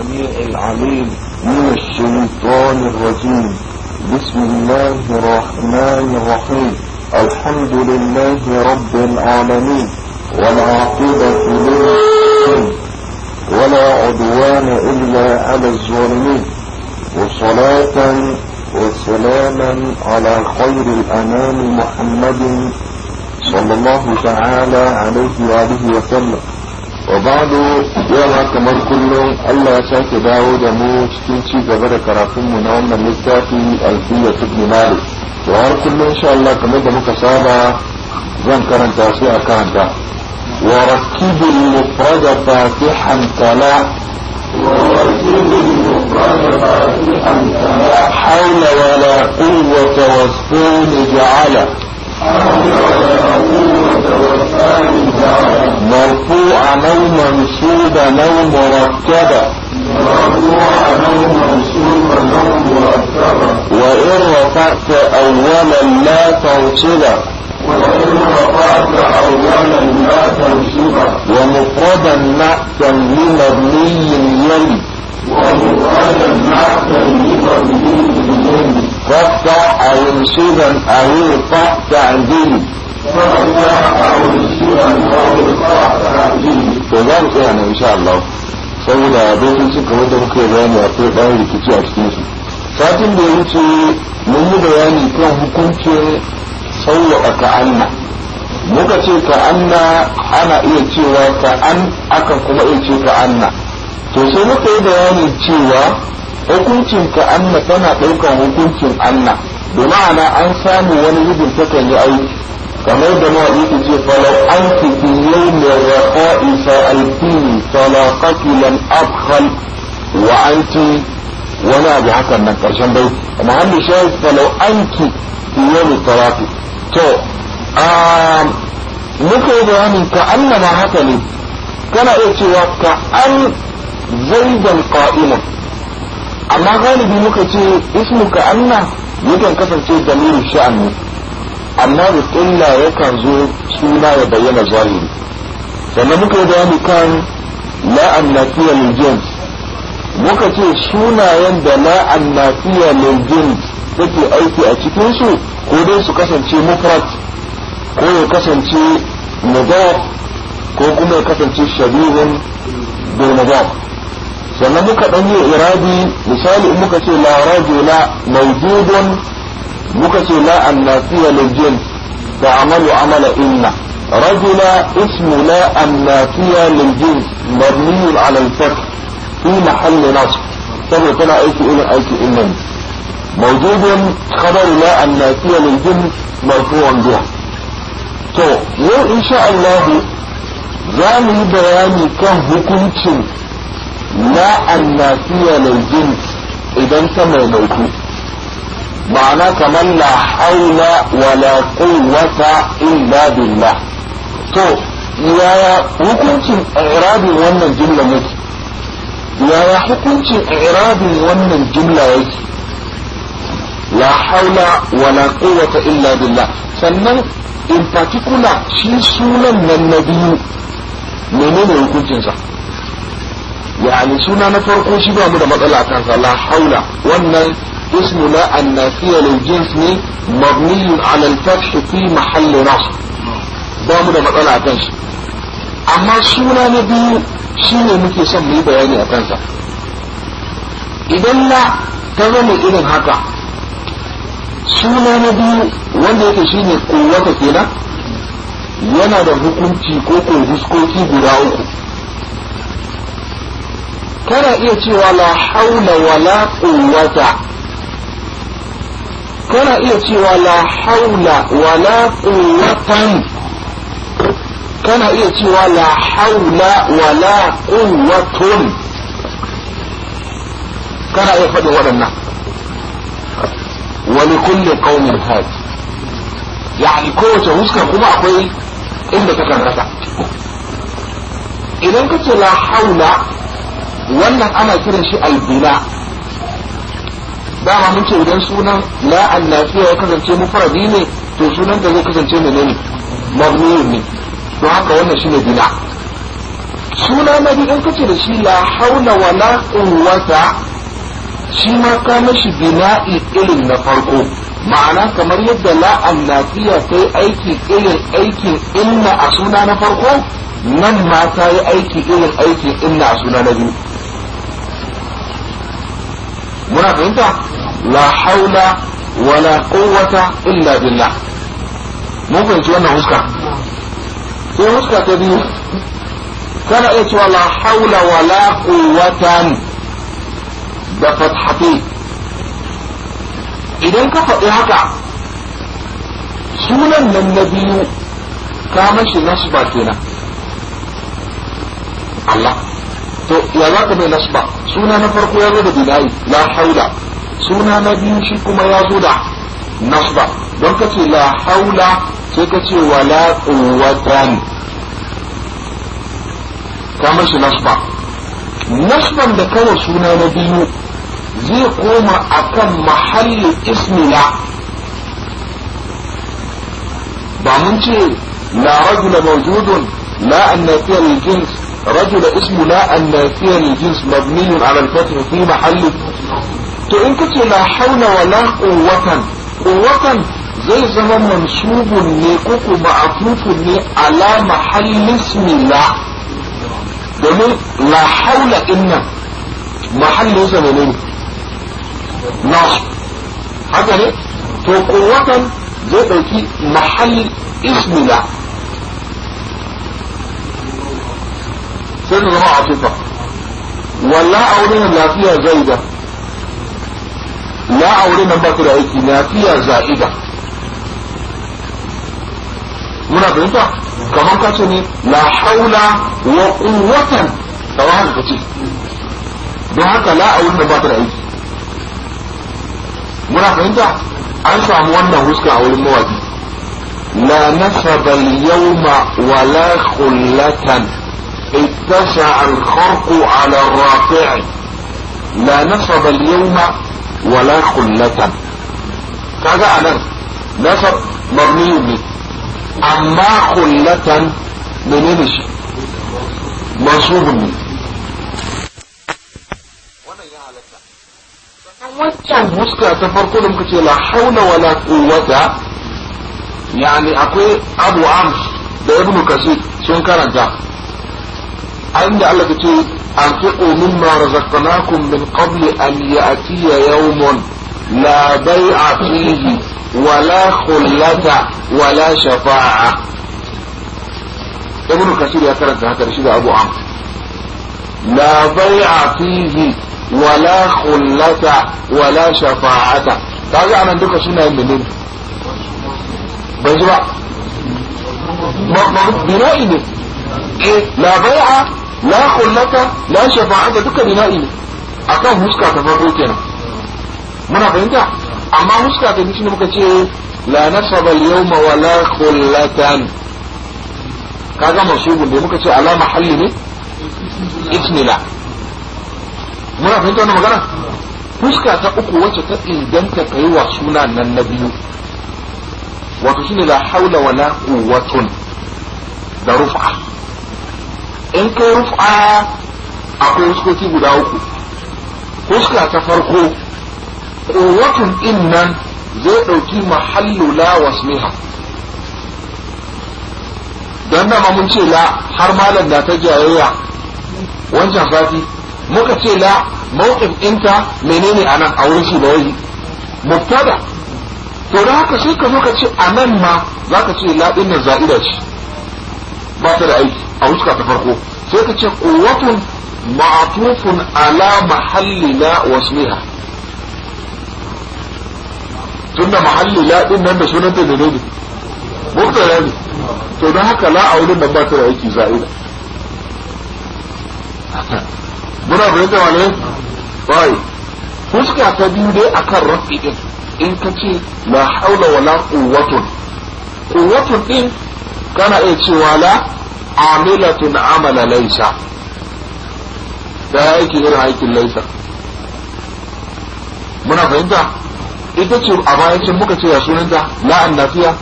السميع العليم من الشيطان الرجيم بسم الله الرحمن الرحيم الحمد لله رب العالمين والعاقبة للمتقين ولا عدوان إلا على الظالمين وصلاة وسلاما على خير الأنام محمد صلى الله تعالى عليه وآله وسلم وبعد يوم كمر كلهم الله يشاك داو دمو شكين شي قبل كرافم منام من لساتي الفية ابن مالك وهر كل ان شاء الله كمر دمو كسابة زن كرن تاسي اكان دا وركب المفرد فاتحا تلا وركب المفرد فاتحا تلا حول ولا قوة واسكون جعل حول ولا قوة واسكون جعل مرفوعة لو منصوبة لو مركبة وإن رفعت أولا لا تنصبة وإن رفعت أولا لا تنصبة ومفردا مع لمبني مبني يلي ومفردا مع لمبني مبني يلي فافتح أو انصبا أو ارفع تعديل to za mu tsaya nan insha Allah saboda dokin cin kamar da muka yi bayani kai ɗan rikici a cikin su satin da ya wuce mun yi bayani kan hukuncin sauwaka ka'anna muka ce ka'anna ana iya cewa ka'an aka kuma iya ce ka'anna to sai muka yi bayani cewa hukuncin ka'anna tana ɗaukar hukuncin anna da ma'ana an samu wani ta takan yi aiki kamar da mawaɗi ke ce falau an fi iyai ne rafa isa alfini falakakilan abhal wa anti wani abu hakan nan karshen bai amma hannu shayar falau an ki iyai ne tarafi to um, muka yi bayanin ka annama haka ne kana iya cewa ka an zaidan qa'iman amma galibi muka ce ismu ka na. yakan kasance da dalilin sha'an ne amma ya yakan zo suna ya bayyana zahiri sannan muka yi bayani kan la'annafiya lil muka ce sunayen da la'annafiya lil jins take aiki a cikin su ko dai su kasance mufrad ko ya kasance mudaf ko kuma ya kasance shabihun bil mudaf sannan muka dan yi iradi misali in muka ce la rajula mawjudun muka ce la annasiya lil jins ta'malu amala inna رجل اسم لا النافية للجنس مبني على الفتح في محل نصب سبب طلع ايك الى ايك الى موجود خبر لا النافية للجنس مرفوع بها تو يو ان شاء الله زامي بياني كهكمت لا النافية للجنس اذا انت ما موجود ma'ana kamar na haula wa la quwwata illa billah to ya hukuncin irabin wannan jumla yake ya ya hukuncin irabin wannan jumla yake la haula wa la quwwata illa billah sannan in particular shi sunan nan na biyu menene hukuncinsa yani suna na farko shi ba mu da matsala kansa la haula wannan اسمنا النافية للجنس مبني على الفتح في محل نصب ba mu da matsala a shi amma suna na biyu shi ne muke son mu yi bayani a kansa idan na ta zama irin haka suna na biyu wanda yake shi ne kowata kenan yana da hukunci ko ko huskoki guda uku kana iya cewa la haula wala quwwata kana iya cewa la haula wala quwwatan kana iya cewa la haula wala quwwatun kana iya faɗin waɗannan wani kulle qaumin yani kowace huska kuma akwai inda ta kan idan kace la haula wannan ana kiran shi albina dama mun ce idan sunan la annafiya ya kasance mufradi ne to sunan da zai kasance menene mabniyun ne to haka wannan shine bina suna na biyu in ce da shi la haula wala quwwata shi ma ka mashi bina'i irin na farko ma'ana kamar yadda la annafiya ta yi aiki irin aikin inna a suna na farko nan ma ta yi aiki irin aikin inna a suna na biyu muna fahimta la haula wala quwwata illa billah mun fahimci wannan huska sai huska ta biyu kana iya cewa la haula wala quwwatan da fathati idan ka faɗi haka sunan nan na biyu ka mashi nasu ba kenan Allah to ya za ka mai nasba suna na farko ya zo da binayi la haula suna na biyu shi kuma ya zo da nasba don ka ce la haula sai ka ce wa la quwwatan ka mashi nasba nasban da kawai suna na biyu zai koma akan mahallin ismila ba mun ce la rajula mawjudun la annatiyal jins رجل اسمه لا النافية للجنس مبني على الفتح في محل تو إن كنت لا حول ولا قوة قوة زي زمان منصوب نيكوكو معطوف ني على محل اسم لا domin la haula inna mahallin sa ne nas haka ne to kuwatan zai dauki mahall ismila sai ta zama a atifa walla auren lafiya zaida la auren nan ba ta da aiki lafiya za'ida muna fahimta kamar ka ce ne la haula wa quwwatan kamar haka ka ce don haka la auren nan ba ta da aiki muna fahimta an samu wannan huska a wurin mawaki la nasaba al-yawma wa la khullatan اتسع الخرق على الرافع لا نصب اليوم ولا خلة فجاء نصب نصب مرمي به أما خلة منين الشيء منصوب به waccan huska ta farko da muka ce la haula wala quwwata yani akwai abu amr da ibnu kasir sun karanta عند الله بتقول انفقوا مما رزقناكم من قبل ان يأتي يوم لا بيع فيه ولا خلة ولا شفاعة ابن كثير يا هذا رشيد ابو عمرو لا بيع فيه ولا خلة ولا شفاعة تعالى انا عندك سنة منين بس بقى بنائي إيه لا بيع la kullata la shafa'ata duka bina'i ne akan huska ta farko kenan muna fahimta amma huska ta biyu muka ce la nasaba al-yawma wa la kullatan kaga mansubun da muka ce ala mahalli ne ismila muna fahimta wannan magana huska ta uku wacce ta inganta kai wa suna nan na biyu wato shine la haula la quwwatun da rufa in kai rufa akwai huskoki guda uku kuska ta farko ƙowatun ɗin nan zai ɗauki mahallu la wasmiha don dama mun ce la har malam na ta jayayya wancan zafi muka ce la mawqif ɗinta menene anan a wurin shi bawai mubtada to da haka sai ka zo ka ce anan ma ka ce la ɗin nan za'ida ce ba ta da aiki a ruska ta farko sai ka ce quwwatun ma'tufun ala mahallina wasmiha tunda mahallila din nan da sunanta da ne mubtada ne to don haka la a wurin nan ba ta da aiki za'ida muna fahimta wale bai fuska ta biyu dai akan rafi din in ka ce la haula wala quwwatun quwwatun din kana iya cewa la amilatun amala laisa da ya aiki irin aikin laisa muna fahimta ita ce a bayan muka ce ya sunanta la'an nafiya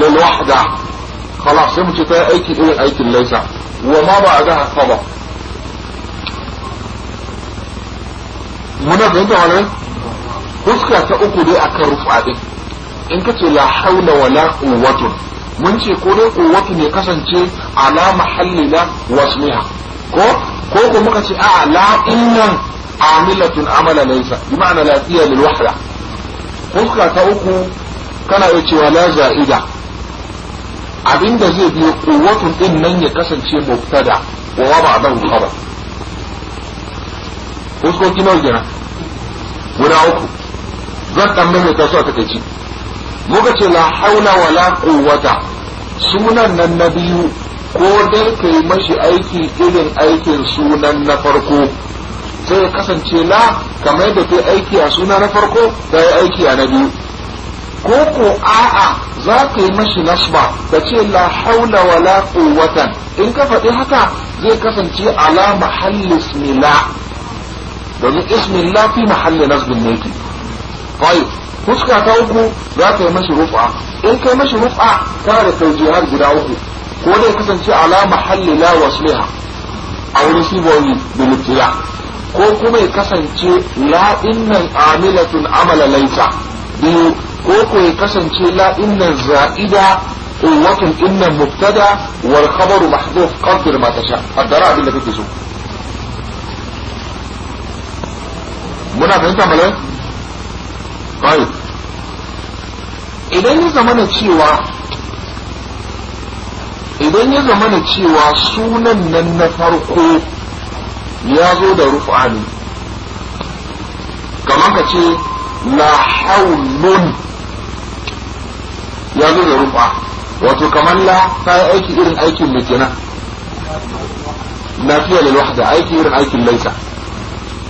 lil wahda خلاص sai mu ce ta aiki irin aikin laisa wa ma ba ga hasaba muna fahimta wannan fuska ta uku dai akan rufa din in kace la haula wala quwwatun mun ce ko dai kuwatu ne kasance ala mahalli na wasmiha ko ko ko muka ce a'a la innan amilatun amala laysa bi ma'ana la tiya lil wahda ta uku kana iya cewa la za'ida abinda zai biyo kuwatun din nan ya kasance mubtada wa wa da khabar fuskoki nawa gina guda uku zan dan ta so a kace muka ce la haula wala quwwata sunan nan na biyu ko dai kai mashi aiki irin aikin sunan na farko sai ya kasance la kamar da kai aiki a suna na farko da ya aiki a na biyu ko ko a'a za ka yi mashi nasba ka ce la haula wala quwwata in ka faɗi haka zai kasance ala mahalli la domin ismi la fi mahalli nasbin ne ki fuska ta uku za ka yi mashi rufa in kai mashi rufa tana da taujihar guda uku ko dai kasance ala mahalli la wasliha a wurin ko kuma ya kasance la innan amilatun amala laita biyu ko ko ya kasance la innan za'ida قوة إن مبتدع والخبر محذوف قدر ما تشاء الدراء بالله كنت سوء so muna fahimta ايه طيب idan ya na cewa idan ya na cewa sunan nan na farko ya zo da rufa ne kamar ka ce la haulun ya zo da rufa wato kamar la ta yi aiki irin aikin mutina fiye da wahda aiki irin aikin laisa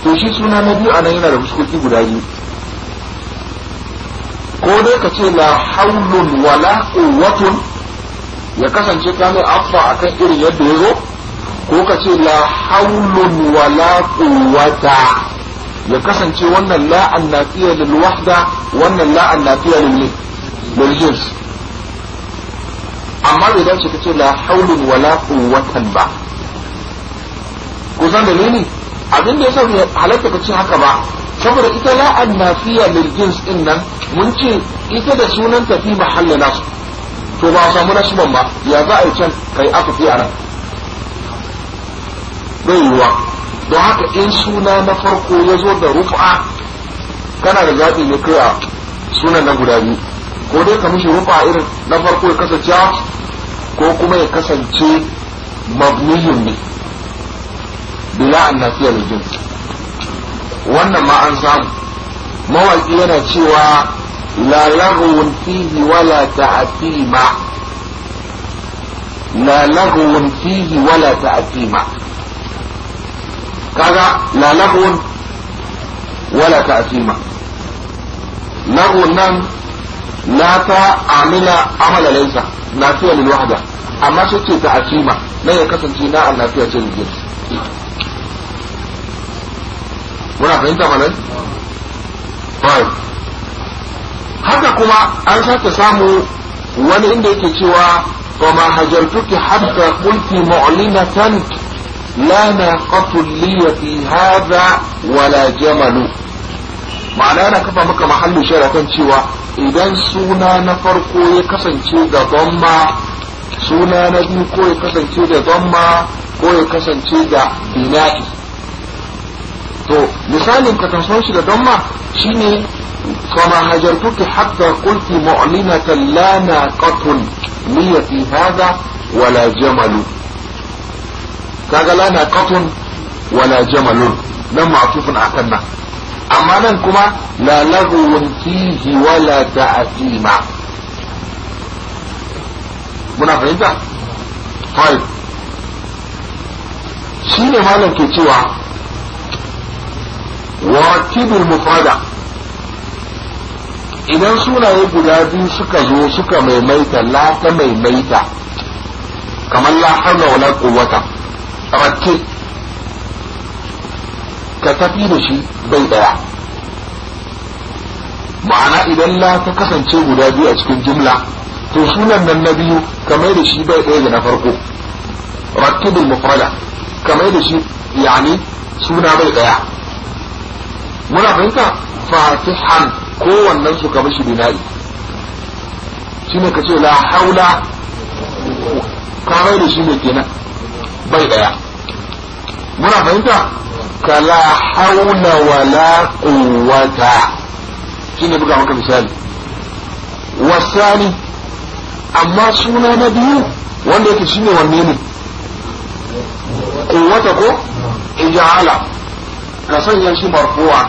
to shi suna na biyu a nan yana da fuskoki guda biyu ko dai ka ce la haulun wala quwwatun ya kasance ka mai afa akan irin yadda ya zo ko ka ce la haulun wala quwwata ya kasance wannan la annafiya lil wahda wannan la annafiya lil lil jins amma bai dace ka ce la haulun wala quwwatan ba da dalili abin da yasa halatta ka ce haka ba saboda ita la annafiya lil jins din nan mun ce ita da sunan tafi mahalli nasu to ba a samu nasban ba ya za a yi can kai aka fi a nan bai yiwuwa don haka in suna na farko ya zo da rufa kana da zaɓi ne kai a sunan na guda biyu ko dai ka mishi rufa irin na farko ya kasance ko kuma ya kasance mabniyin ne bila an nafiya wannan ma an samu mawaƙi yana cewa la laghwun fihi wala ta'tima la laghwun fihi wala ta'tima kaga la laghwun wala ta'tima laghwun nan la ta amila amala laysa na fiya lil wahda amma su ce ta'tima na ya kasance na Allah fiya ce lil muna fahimta malai haka kuma an sake samu wani inda yake cewa wa ma tuki hatta kulti mu'linatan la naqatu li fi hadha wala jamalu ma'ana yana kafa maka mahallin shara kan cewa idan suna na farko ya kasance ga dhamma suna na biyu ko ya kasance da dhamma ko ya kasance da bina'i to misalin ka taso shi da damma shine kama hajartuki hatta qulti mu'linatan la naqatun niyati hada wala jamalu kaga la naqatun wala jamalun nan ma'tufun akan nan amma nan kuma la laghwun fihi wala ta'tima muna fahimta طيب shine malam ke cewa wakibu mufada idan sunaye guda biyu suka zo suka maimaita la ta maimaita kamar la hawla wala quwwata rakke ka tafi da shi bai ɗaya ma'ana idan la ta kasance guda biyu a cikin jumla to sunan nan na biyu kamar da shi bai daya da na farko rakkibul mufrada kamar da shi yani suna bai ɗaya. muna fahimta fatihan kowannen su ka mashi shi shine ka ce la haula ka da shi ne kenan bai daya muna fahimta ka la haula wa la quwwata shine buga maka misali wasani amma suna na biyu wanda yake shine wanne ne quwwata ko ijala ka sanya shi marfuwa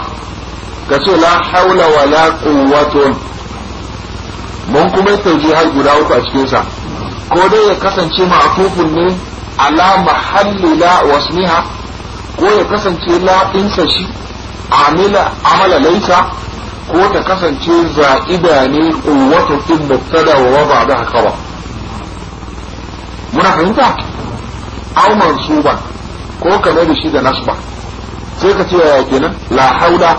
ka ce la haula wa la quwwatun mun kuma yi har guda uku a cikinsa ko dai ya kasance ma'atufun ne ala mahalli la wasmiha ko ya kasance la ɗinsa shi amila amala laisa ko ta kasance za'ida ne quwwatun din mubtada wa wada da khabar muna fahimta au mansuban ko kamar shi da nasba sai ka ce yaya kenan la haula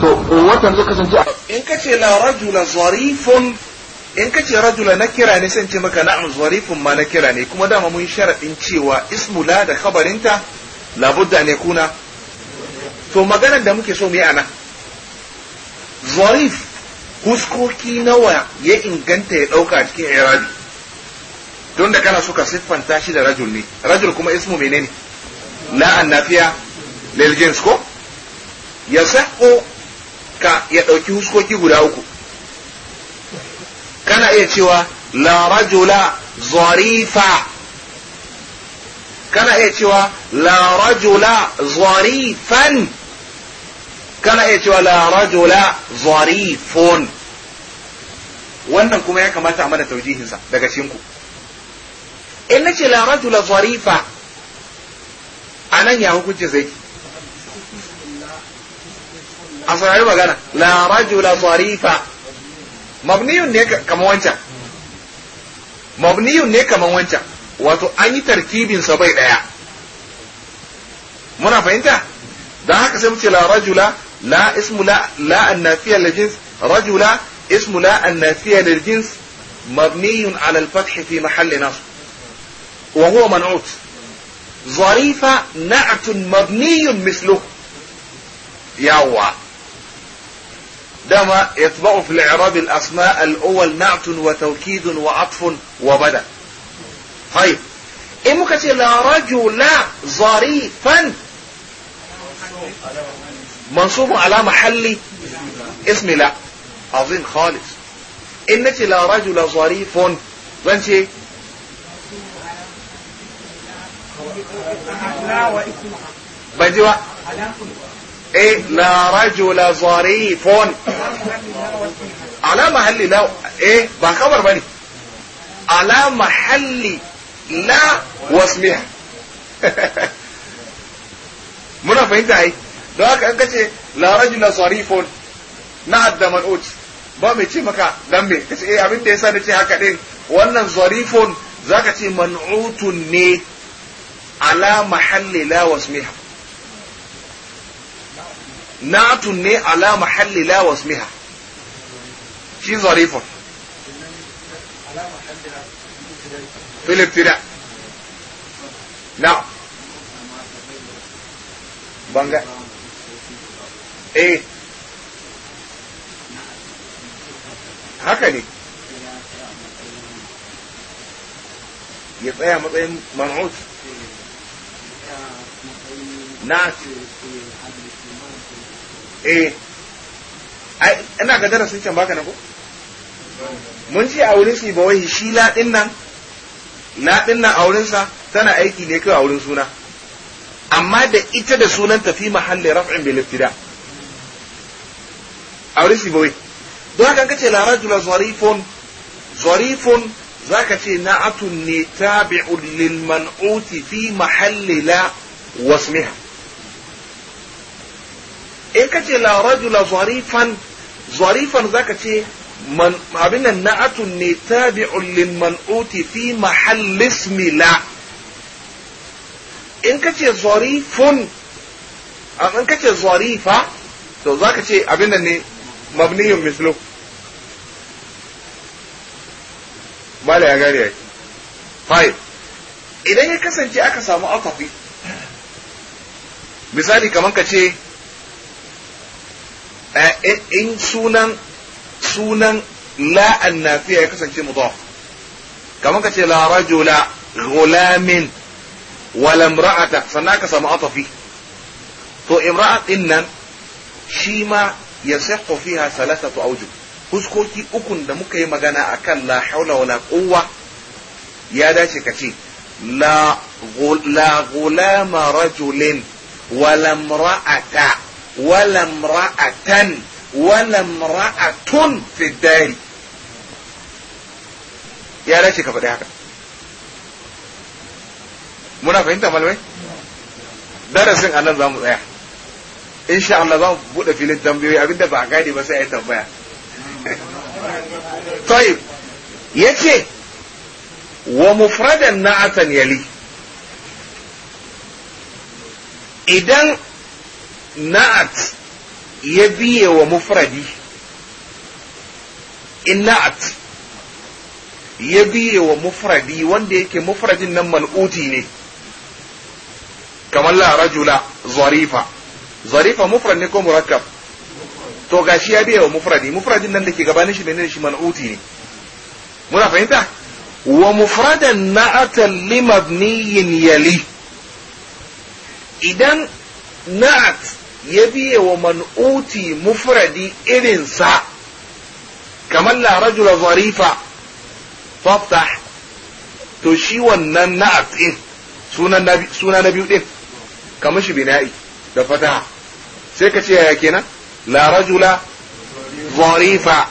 to watan zai kasance a in ka ce la rajula zarifun in ka ce rajula na kira ne sai ce maka na'am zarifun ma na kira ne kuma dama mun sharadin cewa ismu la da khabarinta labudda ne kuna to maganar da muke so mu yi ana zarif huskoki nawa ya inganta ya dauka cikin irabi don da kana suka siffanta shi da rajul ne rajul kuma ismu menene la'an nafiya liljins ko ya saƙo ka ya ɗauki huskoki guda uku kana iya cewa la rajula zarifa kana iya cewa la rajula zarifan kana iya cewa la rajula zarifun wannan kuma ya kamata a mana taujihinsa daga shinku in nace la rajula zarifa nan ya hukunci zai a saurari magana la rajula sarifa mabniyun ne kaman wancan mabniyun ne kaman wancan wato an yi tarkibin sa bai daya muna fahimta dan haka sai muke la rajula la ismu la la annafiya lil jins rajula ismu la annafiya lil jins مبني على الفتح في محل نصب وهو منعوت ظريفة نعت مبني مثله yawa dama yatba'u fil i'rab al asma al awwal na'tun wa wa atfun طيب in muka ce la rajula zarifan منصوب على محل اسم لا عظيم خالص إن لا رجل ظريف وانت بجوا لا رجل ظريف على محل لا ايه بقى خبر بني على محل لا واسمها منا fahimta ai دوك ان كتي لا la ظريف نعد na اوت ba mai ce maka dan me kace eh abin da yasa da ce haka din wannan zarifun zaka ce man'utun ne ala mahalli la wasmiha نعت ني على محل لا واسمها شيء ظريفة في الابتداء نعم بانجا ايه هكذا يبقى يا مطعم منعوت نعت eh ina ga darasin can baka na ko mun ji a wurin shi ba wai shi la din nan la din nan a wurin sa tana aiki ne kai a wurin suna amma da ita da sunan ta fi mahalli raf'in bil ibtida a wurin shi ba wai don haka kace la rajula zarifun zarifun zaka ce na'atun ne tabi'ul lil man'uti fi mahalli la wasmiha in ka ce la rajula zarifan zarifan ka ce abin nan na'atun ne tabi'un lil man'uti fi mahall ismi in ka ce zarifun in ka ce zarifa to za ka ce abin nan ne mabniyun mislu mala ya gari yaki fayil idan ya kasance aka samu atafi misali kamar ka ce Eh, in sunan sunan la annafiya ya kasance mudaf kamar ka ce la rajula gulamin wala imra'ata sannan ka samu atafi to imra'a din shi ma yasihhu fiha salasatu awjuh huskoki ukun da muka yi magana akan la haula wala quwwa ya dace ka ce la gulama rajulin wala imra'ata wala imra'atan wala imra'atun fi dari ya dace ka faɗi haka muna fahimta malamai darasin anan za mu tsaya insha Allah buɗe filin tambayoyi abinda ba a gane ba sai a yi tambaya طيب يتي ومفردا نعة يلي Idan. na'at ya biye wa mufradi in na'at ya biye wa mufradi wanda yake mufradin nan mal'uti ne kamar la rajula zarifa zarifa mufrad ne ko murakkab to gashi ya biye wa mufradi mufradin nan da ke gabanin shi ne shi mal'uti ne muna fahimta wa mufradan na'atan limabniyin yali idan na'at ya biye wa man'uti mufradi irinsa kamar la rajula zarifa faftah to shi wannan na din suna na biyu din kamar shi bina'i da fataha sai ka ce yaya kenan la rajula zarifa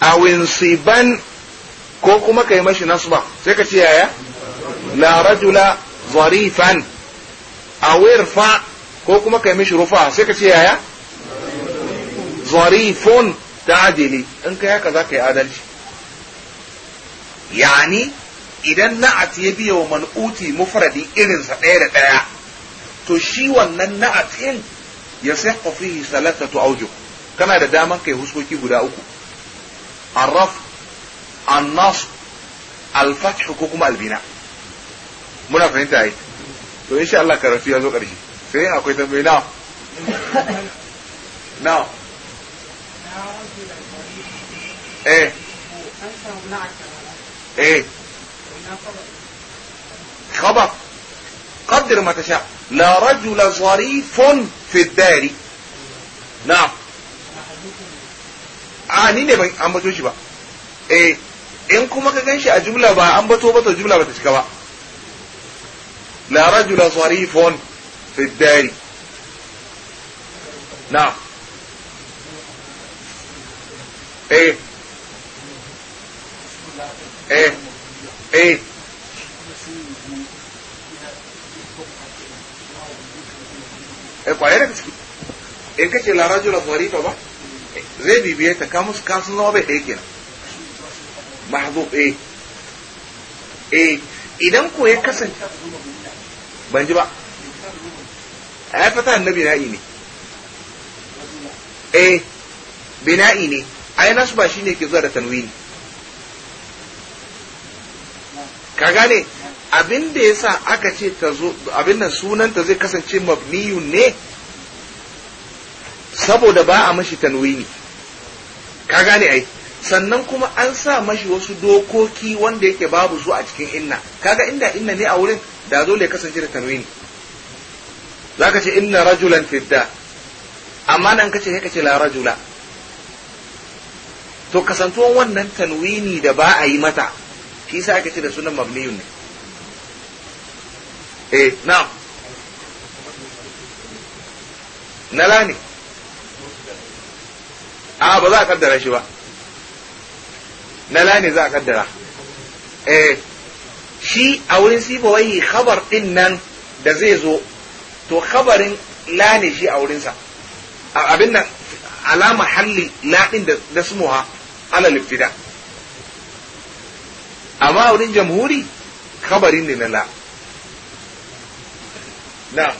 awin siban ko kuma kai mashi nasba sai ka ce yaya la rajula zarifan awirfa ko kuma kai mishi rufa sai ka ce yaya zarifun ta'adili in kai haka za ka yi adalci yani idan na'at ya biya wa man'uti mufradi irinsa ɗaya da ɗaya to shi wannan na'at ɗin ya sahqa fihi salatatu auju kana da daman kai huskoki guda uku arraf annas alfath ko kuma albina muna fahimta ai to insha Allah karatu ya zo ƙarshe sai akwai ah, tambayi na na eh eh خبر قدر ما تشاء لا رجل ظريف في الدار نعم ni ne ban ambato shi ba eh in kuma ka ganshi a jumla ba ambato ba to jumla ba ta cika ba في الدار نعم ايه ايه ايه kwaya daga ciki in ka ce larajula zarifa ba zai bibiye ta kamus kasun zama bai ɗaya kenan mahzub eh eh idan ko ya kasance ban ji ba a ya na bina'i ne eh bina'i ne ai nasu ba shine ke zuwa da tanwini ka gane abin da yasa aka ce ta zo abin nan sunanta zai kasance mabniyun ne saboda ba a mashi tanwini ka gane ai sannan kuma an sa mashi wasu dokoki wanda yake babu su a cikin inna kaga inda inna ne a wurin da dole ya kasance da tanwini za ka ce inna rajulan fidda amma nan ka ce ka ce la rajula to kasantuwan wannan tanwini da ba a yi mata shi sa aka ce da sunan mabniyun ne eh na'am nala ne a ba za a kaddara shi ba nala ne za a kaddara eh shi a wurin wai khabar din nan da zai zo to khabarin la ne shi a wurinsa abin nan alama halli la din da smuha ala liftida amma a wurin jamhuri khabarin ne na la na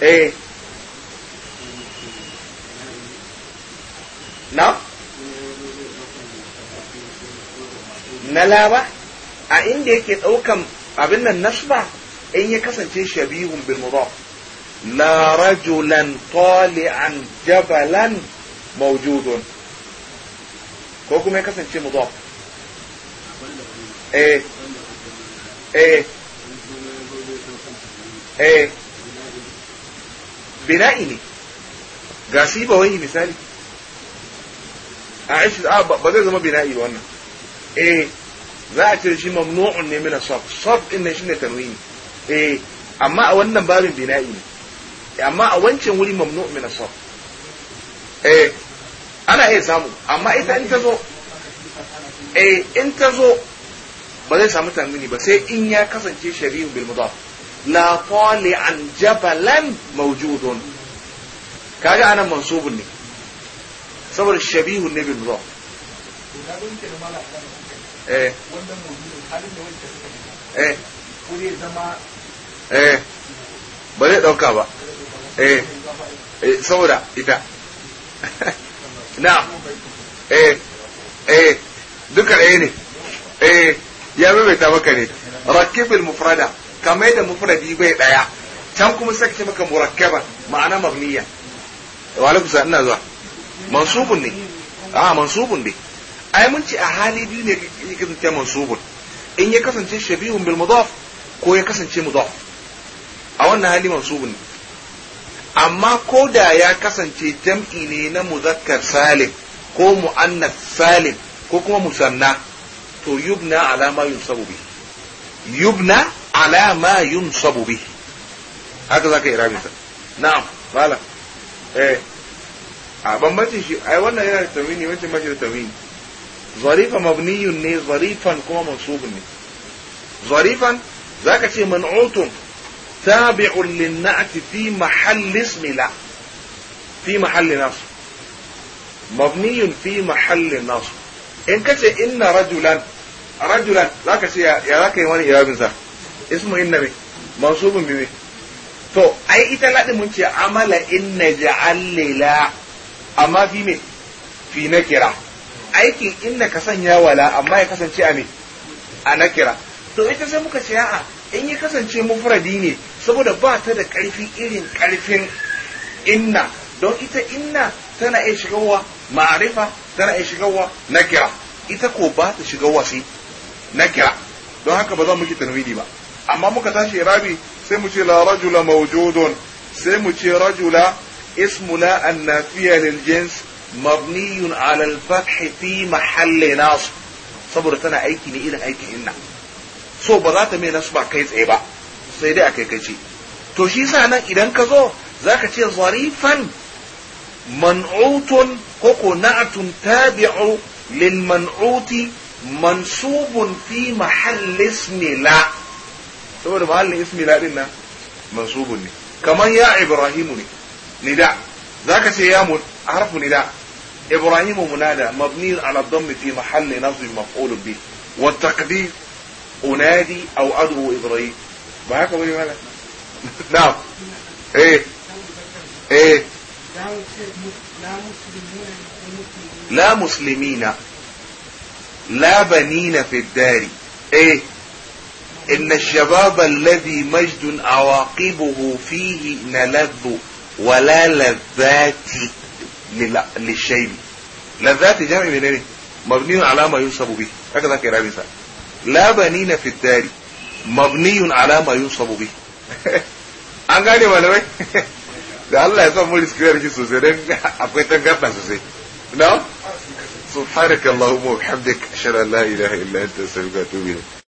eh na na la ba a inda yake ɗaukan abin nan nasba in ya kasance shabihun bil mudaf la rajulan tali'an jabalan mawjudun ko kuma ya kasance mudaf eh eh eh bina'i ne ga shi ba wai misali a ba zai zama bina'i ba wannan eh za a cire shi mamnu'un ne min mina saf saf din nan shine tanwini eh amma a wannan babin bina'i ne amma a wancan wuri mamnu'un mina saf eh ana iya samu amma ita in ta zo eh in ta zo ba zai samu tanwini ba sai in ya kasance shari'un bil mudaf la an jabalan mawjudun kaga anan mansubun ne saboda shabihun ne bil mudaf eh wanda mu halin da wanda suka eh ko zai zama eh ba zai dauka ba eh. eh saboda ita na eh eh duka ɗaya ne eh ya maimaita maka ne rakibul mufrada kamar da mufradi bai ɗaya. can kuma sai ce maka murakkaba ma'ana mabniya wa alaikum salam ina zuwa mansubun ne a ah, mansubun ne ai mun ce a hali biyu ne ya kasance mansubun in ya kasance shabihun bil mudaf ko ya kasance mudaf a wannan hali mansubun ne amma ko da ya kasance jam'i ne na muzakkar salim ko mu'annas salim ko kuma musanna to yubna ala ma yunsabu bi yubna ala ma yunsabu bi haka zaka irabi sa na'am malam eh a bambancin shi ai wannan yana da tawini wancan ba shi da tawini zarifa mabniyun ne zarifan kuma mansubun ne zarifan zaka ce man'utun tabi'un lin-na't fi mahall ismi la fi mahall nasb mabniyun fi mahall nasb in kace inna rajulan rajulan zaka ce ya zaka yi wani irabin sa ismu inna ne mansubun bi to ai ita ladin mun ce amala inna ja'al lila amma fi fi nakira aikin inna ka sanya wala amma ya kasance a me a nakira to ita sai muka ce a'a in ya kasance mufradi ne saboda ba ta da karfi irin karfin inna don ita inna tana iya shigarwa ma'arifa tana iya shigarwa nakira ita ko ba ta shigarwa sai nakira don haka ba za mu ki ba amma muka tashi rabi sai mu ce la rajula mawjudun sai mu ce rajula ismu la annafiya lil jins mabniyun alal fathi fi mahalli saboda tana aiki ne irin aikin inna so ba za ta mai nasu ba kai tsaye ba sai dai a kai kai ce to shi sa nan idan ka zo za ka ce zarifan man'utun ko ko na'atun tabi'u lil man'uti mansubun fi mahalli ismi saboda mahallin ismi la din nan mansubun ne kamar ya ibrahimu ne nida za ka ce ya harfu nida إبراهيم منادى مبني على الضم في محل نصب مفعول به والتقدير أنادي أو أدعو إبراهيم معاك أقول ماذا؟ نعم إيه إيه لا مسلمين لا بنين في الدار إيه إن الشباب الذي مجد عواقبه فيه نلذ ولا لذات lishaybi lazzati jami'i menene mabniyun ala ma yunsabu bi haka zaka yi rabin sa la banina fi dari mabniyun ala ma yunsabu an gane malamai da Allah ya san riskiyar shi sosai dan akwai tangarda sosai na subhanakallahumma wa bihamdika ashhadu an la ilaha illa anta astaghfiruka wa atubu ilayk